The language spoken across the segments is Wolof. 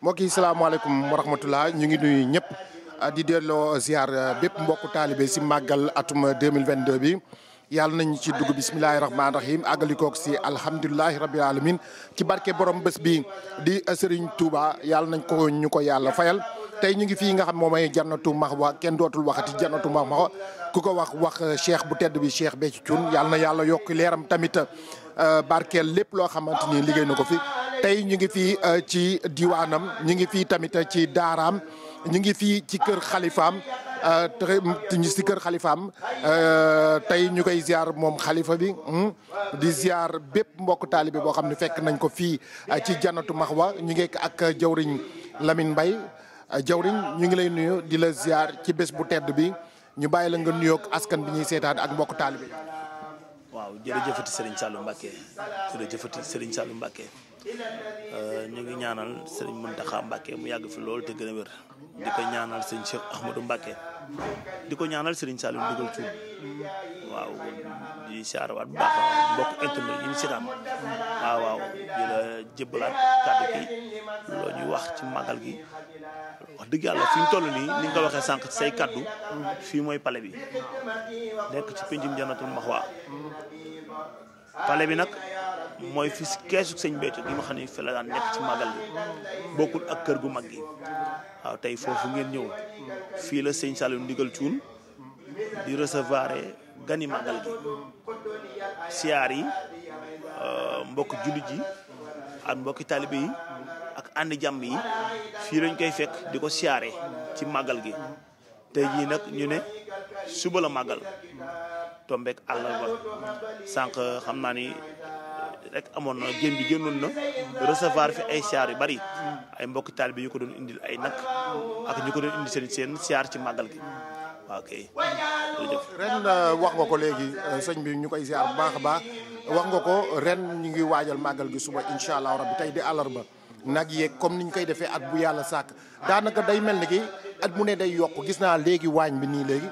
mbokk yi salaamaaleykum wa rahmatullah ñu ngi nuyu ñëpp ah, di delloo ziar ah, bépp mbokku taalibe si màggal atum 2022 bi yàlla nañu ci dugg bisimilahi rahmaani rahim àggalikoog si alhamdulilahi rabil alamin ci barke borom bés bi di ah, Serigne Touba yàlla nañ ko ñu ko yàlla fayal tey ñu ngi fii nga xam moom mooy max maxwa kenn dootul waxati jannatu maxwa ku ko wax wax cheikh bu tedd bi cheikh Béthio Thioune yàlla na yàlla yokk leeram tamit barkeel lépp loo xamante ni liggéey na ko fi tey ñu ngi fii euh, ci diwaanam ñu ngi fii tamit euh, ci daaraam ñu ngi fi ci kër xalifaam euh, si kër xalifaam tey ñu koy ziar moom xalifa bi hmm, di ziar bépp mbokk taalibe boo xam ne fekk nañ ko fii ci janatu maxwa ñu ngi ak jawriñ Lamine mbay jawriñ ñu ngi lay nuyu di la ziar ci bés bu tedd bi ñu bàyyi la nga nuyook askan bi ñuy seetaan ak mbokk taalibe waaw jërëjëfati Serigne Sallou Mbacké jërëjëfati Serigne Sallou Mbacké Euh, ñu ngi ñaanal sëriñ Muntaxa Mbàkke mu yàgg fi loolu te gën a wér di ko ñaanal sëriñ Cheikh Ahmadou Mbàkke di ko ñaanal sëriñ Saliou dugal cuub waaw di saarawaat bu baax mbokk internet yi ñu seetaan waaw waaw di jëbbalaat kàddu gi loo ñuy wax ci màggal gi wax dëgg yàlla fi ñu toll nii ni nga ko waxee sànq say kàddu fii mooy pale bi nekk ci péncum Jannatul Maxwa pale bi nag mooy fi keesu sëñ Béthio gi ma xam ne nekk ci màggal gi bokkul ak kër gu mag gi waaw tey foofu ngeen ñëw fii la sëñ Saliou ndigal cuun di recevoir gani màggal gi siyaar yi euh, mbokk jullit yi ak mbokki taalibe yi ak ànd jàmm yi fii lañ koy fekk di ko siyaare ci màggal gi te jii nag ñu ne suba la màggal tombeek àllarba sànq xam naa ni rek amoon na génn bi génnoon na recevoir fi ay siyaar yu bari ay mbokki bi yu ko doon indil ay nag ak ñu ko doon indi seen seen siyaar ci màggal gi ren euh, wax nga ko léegi euh, sëñ bi ñu koy siyaar bu baax baax wax nga ko ren ñu ngi waajal màggal gi suba incha allah rabbi tey di ba nag yeeg comme ni ñu koy defee at bu yàlla sàkk daanaka day mel ni ki at mu ne day yokk gis naa léegi waañ bi nii léegi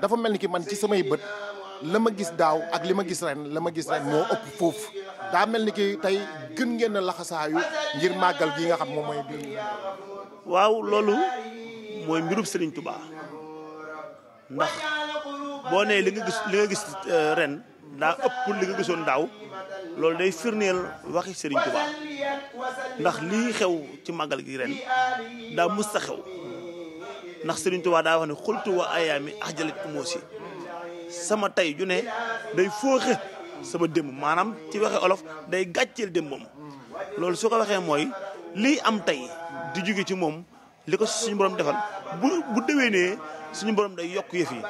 dafa mel ni ki man ci samay bët la ma gis daaw ak li ma gis ren la ma gis ren moo daa mel ni ki tey gën ngeen a laxasaayu ngir màggal gi nga xam moom mooy bi waaw loolu mooy mbirum Serigne Touba ndax boo nee li nga gis li nga gis euh, ren daa ëpp li nga gisoon ndaw loolu day firndeel waxi sëriñ Touba ndax lii xew ci màggal gi ren daa musta xew ndax Serigne Touba daa wax ne xultu wa ayaami ajalit umoosi sama tey ju ne day fooxe sama démb maanaam ci waxee olof day gàcceel démbam loolu su ko waxee mooy lii am tey di jóge ci moom li ko suñu borom defal bu bu ne suñu borom day yokk yëf yi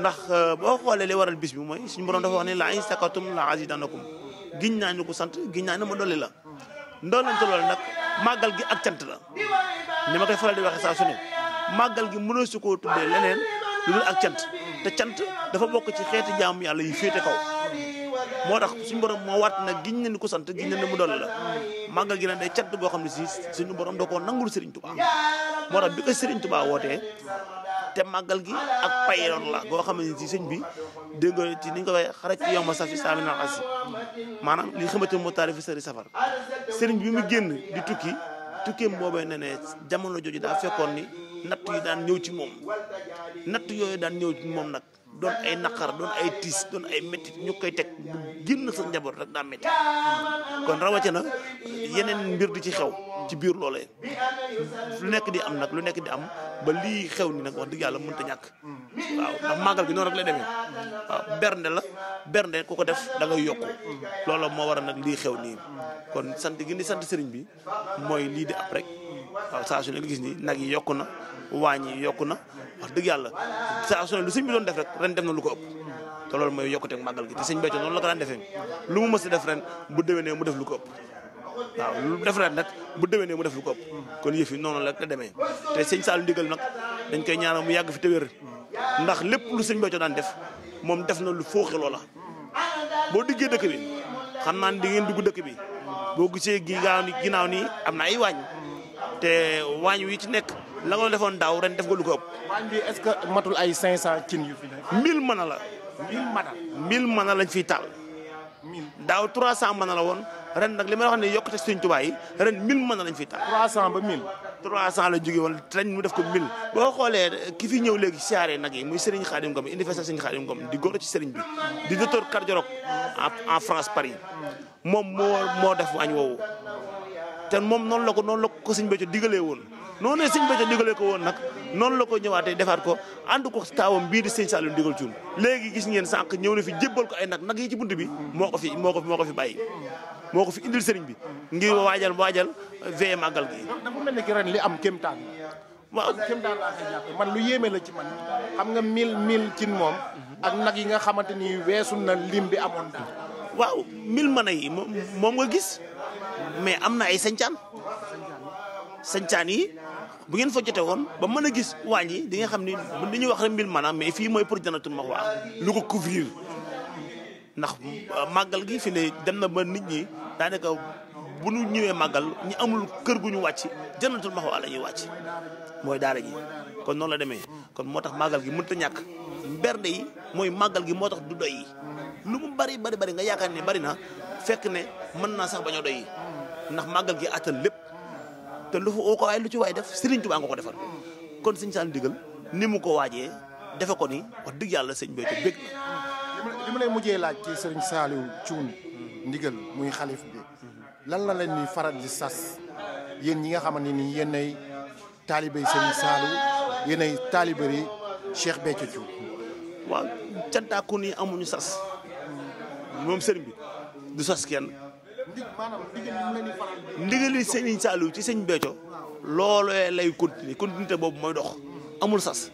ndax euh, boo xoolee li waral bis bi mooy suñu borom dafa wax ne la in sakatum la azidanakum giñ naa ñu ko sant giñ naa ne ma dolli la ndollante loolu nag màggal gi ak cant la ni ma koy faral di waxe saa su ne màggal gi mënoo su koo tuddee leneen lu dul ak cant cant dafa bokk ci xeeti jaamu yàlla yi féete kaw moo tax suñu borom moo waat nag gi ne ni ko sant giñ ne na mu dolli la gi nag day cat goo xam ne si suñu borom da koo nangul Serigne Touba moo tax bi ko Serigne Touba wootee te màggal gi ak payoon la goo xam ne si sëñ bi dégg nga ci ni nga ko waxee xarit yow ma safi saa na naan asi maanaam li nga xamante ne moo taarifi sëri safar Serigne bi mu génn di tukki tukkeem boobee ne ne jamono jooju daa fekkoon ni natt yi daan ñëw ci moom natt yooyu daan ñëw ci moom nag. doon ay naqar doon ay tiis doon ay métti ñu koy teg bu génn sa njaboot rek daa métti kon na yeneen mbir du ci xew ci biir loole lu nekk di am nag lu nekk di am ba lii xew ni nag wax yàlla mënut ñàkk waaw gi noonu rek lay demee waaw bernde la bernde ku ko def da ngay yokku loolu moo waral nag lii xew nii kon sant gi ni sant sëriñ bi mooy lii de ab rek saa su ne gis ni nag yi yokku na wàññi yokku na wax dëgg yàlla saa su lu sëñ bi doon def rek ren dem na lu ko ëpp te loolu mooy yokkuteeg màggal gi te sëñ Béthio noonu la ko daan lu mu mës si def ren bu déwénee mu def lu ko ëpp waaw lu def ren nag bu déwénee mu def lu ko kon yëf yi noonu la rek la demee te sëñ Saalu ndigal nag dañ koy ñaanal mu yàgg fi te wér ndax lépp lu sëñ Béthio daan def moom def na lu fooxe loola boo diggee dëkk bi xam naa ne di ngeen dugg dëkk bi boo gisee ginnaaw ni ginnaaw nii am na ay waañ te waañ wi ci nekk la nga defoon daaw ren def nga lu est-ce que matul ay 500 cin yu fi nekk. 1000 mën a la. 1000 mën a. lañ fiy taal. 1000 daaw 300 mën a la woon ren nag li may wax ne yokkute suñ tubaay yi ren 1000 mën a lañ fiy taal. 300 ba 1000. 300 la jógee woon ren mu def ko 1000. boo xoolee ki fi ñëw léegi siyaare nag yi muy Serigne Khadim Ngom indi fa sa Serigne Khadim Ngom di góor ci Serigne bi di docteur cardiologue en en France Paris moom moo moo def añ woowu. ten moom noonu la ko noonu la ko sëñ Béthio digalee woon noonu ne sëñ Béthio digale ko woon nag noonu la ko ñëwaatee defaat ko ànd ko taawam bii di sëñ Saliou digal cuun léegi gis ngeen sànq ñëw na fi jëbbal ko ay nag nag yi ci bunt bi moo ko fi moo ko moo ko fi bàyyi moo ko fi indil sëriñ bi ngir waajal waajal vee màggal gi dafa mel ni ki li am kéemtaan waaw man lu yéeme la ci man nga mille mille cin moom ak nag yi nga xamante ni weesu na lim bi amoon daal waaw mille mën yi moom nga gis mais am na ay sañcaan sañcaan yi bu ngeen fa jote woon ba mën a gis waañ yi di nga xam ni li ñuy wax rek mbir maanaam mais fi mooy pour janatul ma wax lu ko couvrir ndax euh, màggal gi fi ne dem na ba nit ñi daanaka bu ñu ñëwee màggal ñu amul kër gu ñu wàcc janatul ma wax la ñuy wàcc mooy daara ji kon noonu la demee kon moo tax màggal gi mënta ñàkk mbernde yi mooy màggal gi moo tax du doy yi lu mu bari bari bari nga yaakaar ne bari na fekk ne mën naa sax bañ a doy ndax màggal gi àttan lépp te lu fa oo ko waaye lu ci waay def Serigne Touba nga ko defal kon sëñ Saliou Ndigal ni mu ko waajee defe ko ni wax dëgg yàlla sëñ Béthio bég na. li ma lay mujjee laaj ci sëriñ Saliou Thioune Ndigal muy xalif bi lan la leen ni faral di sas yéen ñi nga xamante ni yéenay taalibey sëriñ Saliou yéenay taalibey Cheikh Béthio Thioune. waaw cantaaku ni amuñu sas moom sëriñ bi du sas kenn. ndigali Serigne Saliou ci sëñ Béthio loolee lay continuer continuité boobu mooy dox amul sas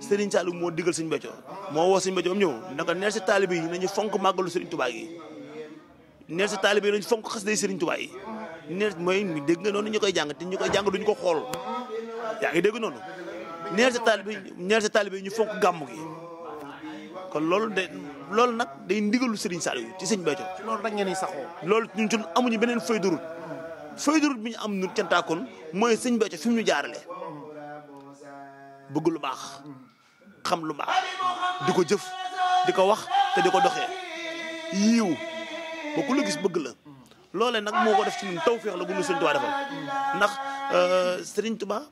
Serigne Saliou moo digal sëñ Béthio moo woo sëñ Béthio am ñëw naka neel si taalibe yi nañu fonk màggalu Serigne Touba yi neel si taalibe yi nañu xas day Serigne Touba mooy dégg nga ñu koy jàng te ñu jàng duñu ko xool yaa ngi dégg noonu neel si taalibe yi ñu fonk gàmm gi kon loolu de loolu nag day ndigalu sëriñ Saliou ci sëñ Béthio. loolu rek ngeen saxoo. loolu ñun ci amuñu beneen feuille de route feuille bi ñu am ñun cantaakoon mooy sëñ Béthio fi mu ñu jaarale bëgg lu baax xam lu baax di ko jëf di ko wax te di ko doxee yiiw ba gis bëgg la loolee nag moo ko def ci ñun tawféex la bu ñu Sëriñ Tuubaa defal ndax euh, Sëriñ tuba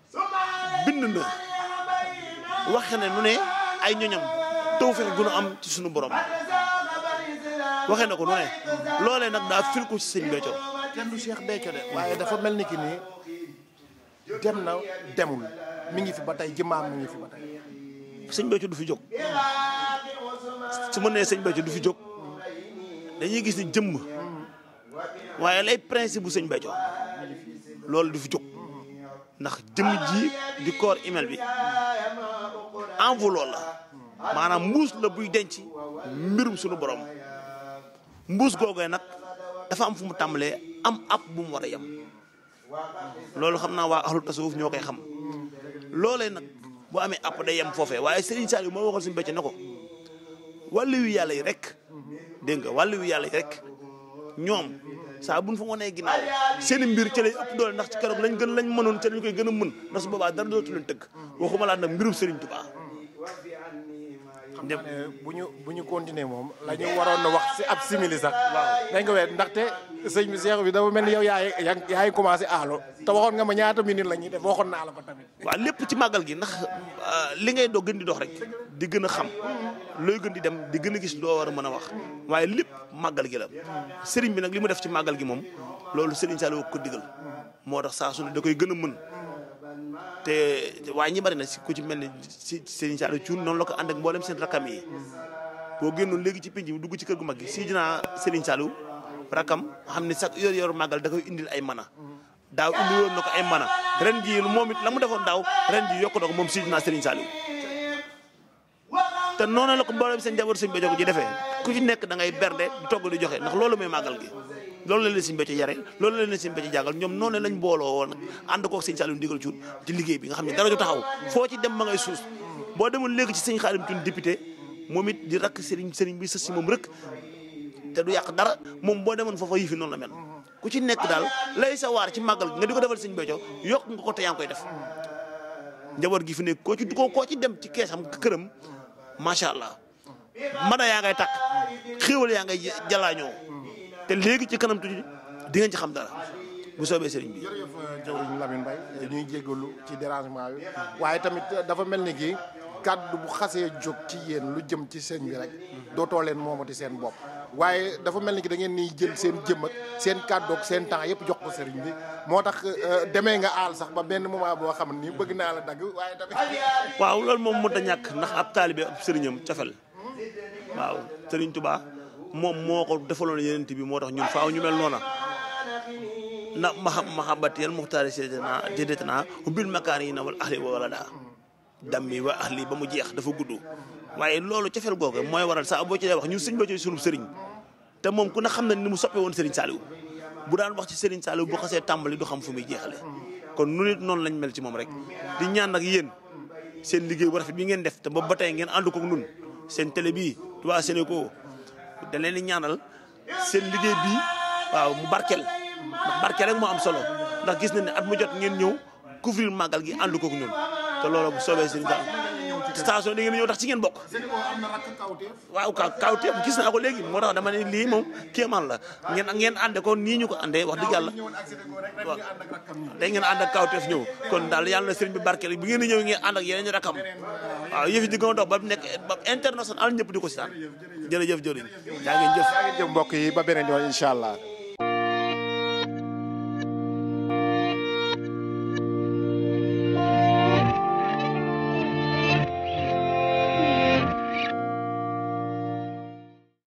bind na waxe ne nu ne ay ñoñam tawfeex gu nu am ci sunu borom waxee na ko nu ne loolee nag daa fil ko ci sëñ Béthio kenn du Cheikh Béthio de waaye dafa mel ni ki nii dem na demul mi ngi fi ba tey jëmaam mi ngi fi ba tey sëñ Béthio du fi jóg su ma nee sëñ du fi jóg dañuy gis ni jëmm waaye lay principe bu sëñ Béthio loolu du fi jóg ndax jëmm ji di bi humain bi enveloppe la maanaam mbuus la buy denc mbirum sunu borom mbuus googee nag dafa am fu mu tàmbalee am ab bu mu war a yem loolu xam naa waa ahlu tasawuf ñoo koy xam loolee nag amee app day yem foofee waaye sëriñ Saliou moo waxoon suñu becc na ko wàllu yu yàlla yi rek dégg nga wàllu yu yàlla rek ñoom saa buñ fa wanee ginnaaw seen mbir ci lay ëpp doole ndax ci keroog lañ gën lañ mënoon ci lañ koy gën a boobaa dara dootu leen tëgg waxuma laa nag mbirum Serigne Touba xam naa ne bu ñu bu ñu moom la ñu waroon na wax si ab simili sax. waaw dañ ko wéy ndaxte sëñ bi seex bi dafa mel ni yow yaay yaay commencé aalo te waxoon nga ma ñaata minute la ñuy def waxoon naa ko tamit. waaw lépp ci màggal gi ndax euh, li ngay doo gën di dox rek di gën xam looy gën di dem di gën a gis loo war mën a wax waaye lépp màggal gi la sëriñ bi nag li mu def ci màggal gi moom loolu sëriñ Saliou ko digal moo tax saa su ne da koy gën a mën. te waaye ñi bari na si ku ci mel ni si Serigne Saliou Thioune noonu la ko ànd ak mboolem seen rakam yi. boo génnoon léegi ci penc bi dugg ci kër gu mag gi si dinaa Serigne Saliou rakam xam ni sax yor yor màggal da koy indil ay mana. daaw indi woon na ay mana ren jii moom it la mu defoon daaw ren ji yokk na moom si dinaa Serigne Saliou. te noonu la ko mboolem seen njaboot sëñ ba jox ji defee ku ci nekk da ngay berde di togg di joxe ndax loolu mooy gi. loolu la leen Sëñ Béthio yare loolu la leen Sëñ Béthio jàngal ñoom noonu lañ booloo woon kook Sëñ Saliou ndigal cuun ci liggéey bi nga xam ne dara du taxaw foo ci dem ma ngay suus boo demul léegi ci Sëñ Xaadim Cuun député moom it di rakk sëriñ sëriñ bi sës si moom rek te du yàq dara moom boo demoon foofa yëfi noonu la mel ku ci nekk daal lay sa waar ci màggal nga di ko defal Sëñ Béthio yokk nga ko te yaa ngi koy def njaboot gi fi nekk koo ci ko koo ci dem ci keesam këram macha allah mën a yaa ngay takk xéewal yaa ngay jalaañoo te léegi ci kanam tuuti di ngeen ci xam dara bu soobee sëriñ bi. jërëjëf euh, jawriñ Lamine Mbaye ñuy jéggalu ci dérangement bi waaye tamit euh, dafa mel ni kii kàddu bu xasee jóg ci yéen lu jëm ci sëñ bi rek dootoo leen moomati seen bopp waaye dafa mel ni ki da ngeen ni jël seen jëm ak seen kàddu seen temps yëpp jox ko sëriñ bi moo tax euh, demee nga aal sax ba benn moment boo xam ni bëgg naa la dagg waaye tamit. waaw loolu moom mënut a ñàkk ndax ab taalibe ab sëriñam cafel waaw sëriñ Tuubaa moom moo ko defaloon yenent bi moo tax ñun fa ñu mel noona na maha mahabati yal muxtaari sidna jiditna hubbil makaari na wal ahli wala daa dammi wa ahli ba mu jeex dafa gudd waaye loolu cofeel googu mooy waral saa boo ci dee wax ñun sëñ boo ci sunub sëriñ te moom ku ne xam na ni mu soppe woon sëriñ Saliou bu daan wax ci sëriñ Saliou bu xasee tàmbali du xam fu muy jeexale kon nu noonu lañ mel ci moom rek di ñaan nag yéen seen liggéey bu rafet bi ngeen def te ba ba tey ngeen ànd kook nun dañ leen di ñaanal seen liggéey bi waaw mu barkeel ndax moo am solo ndax gis na ne at mu jot ngeen ñëw couvrir màggal gi ànd koog ñun te loolu bu soobee seen station da ngeen ñëw tax ci ngeen bokk waaw kaw kawteef gis naa ko léegi moo tax lii moom kéemaan la ngeen ngeen ànde ko nii ñu ko àndee wax dëgg yàlla waaw day ngeen ànd ak kawteef ñëw kon daal yàlla na sëriñ bi barkeel bi ngeen di ñëw ngeen ànd ak yeneen rakam waaw yëfi di a dox ba nekk ba international ñëpp di ko jërëjëf jëriñ jaa ngeen jëf jaa ngeen jëf mbokk yi ba beneen yoon incha allah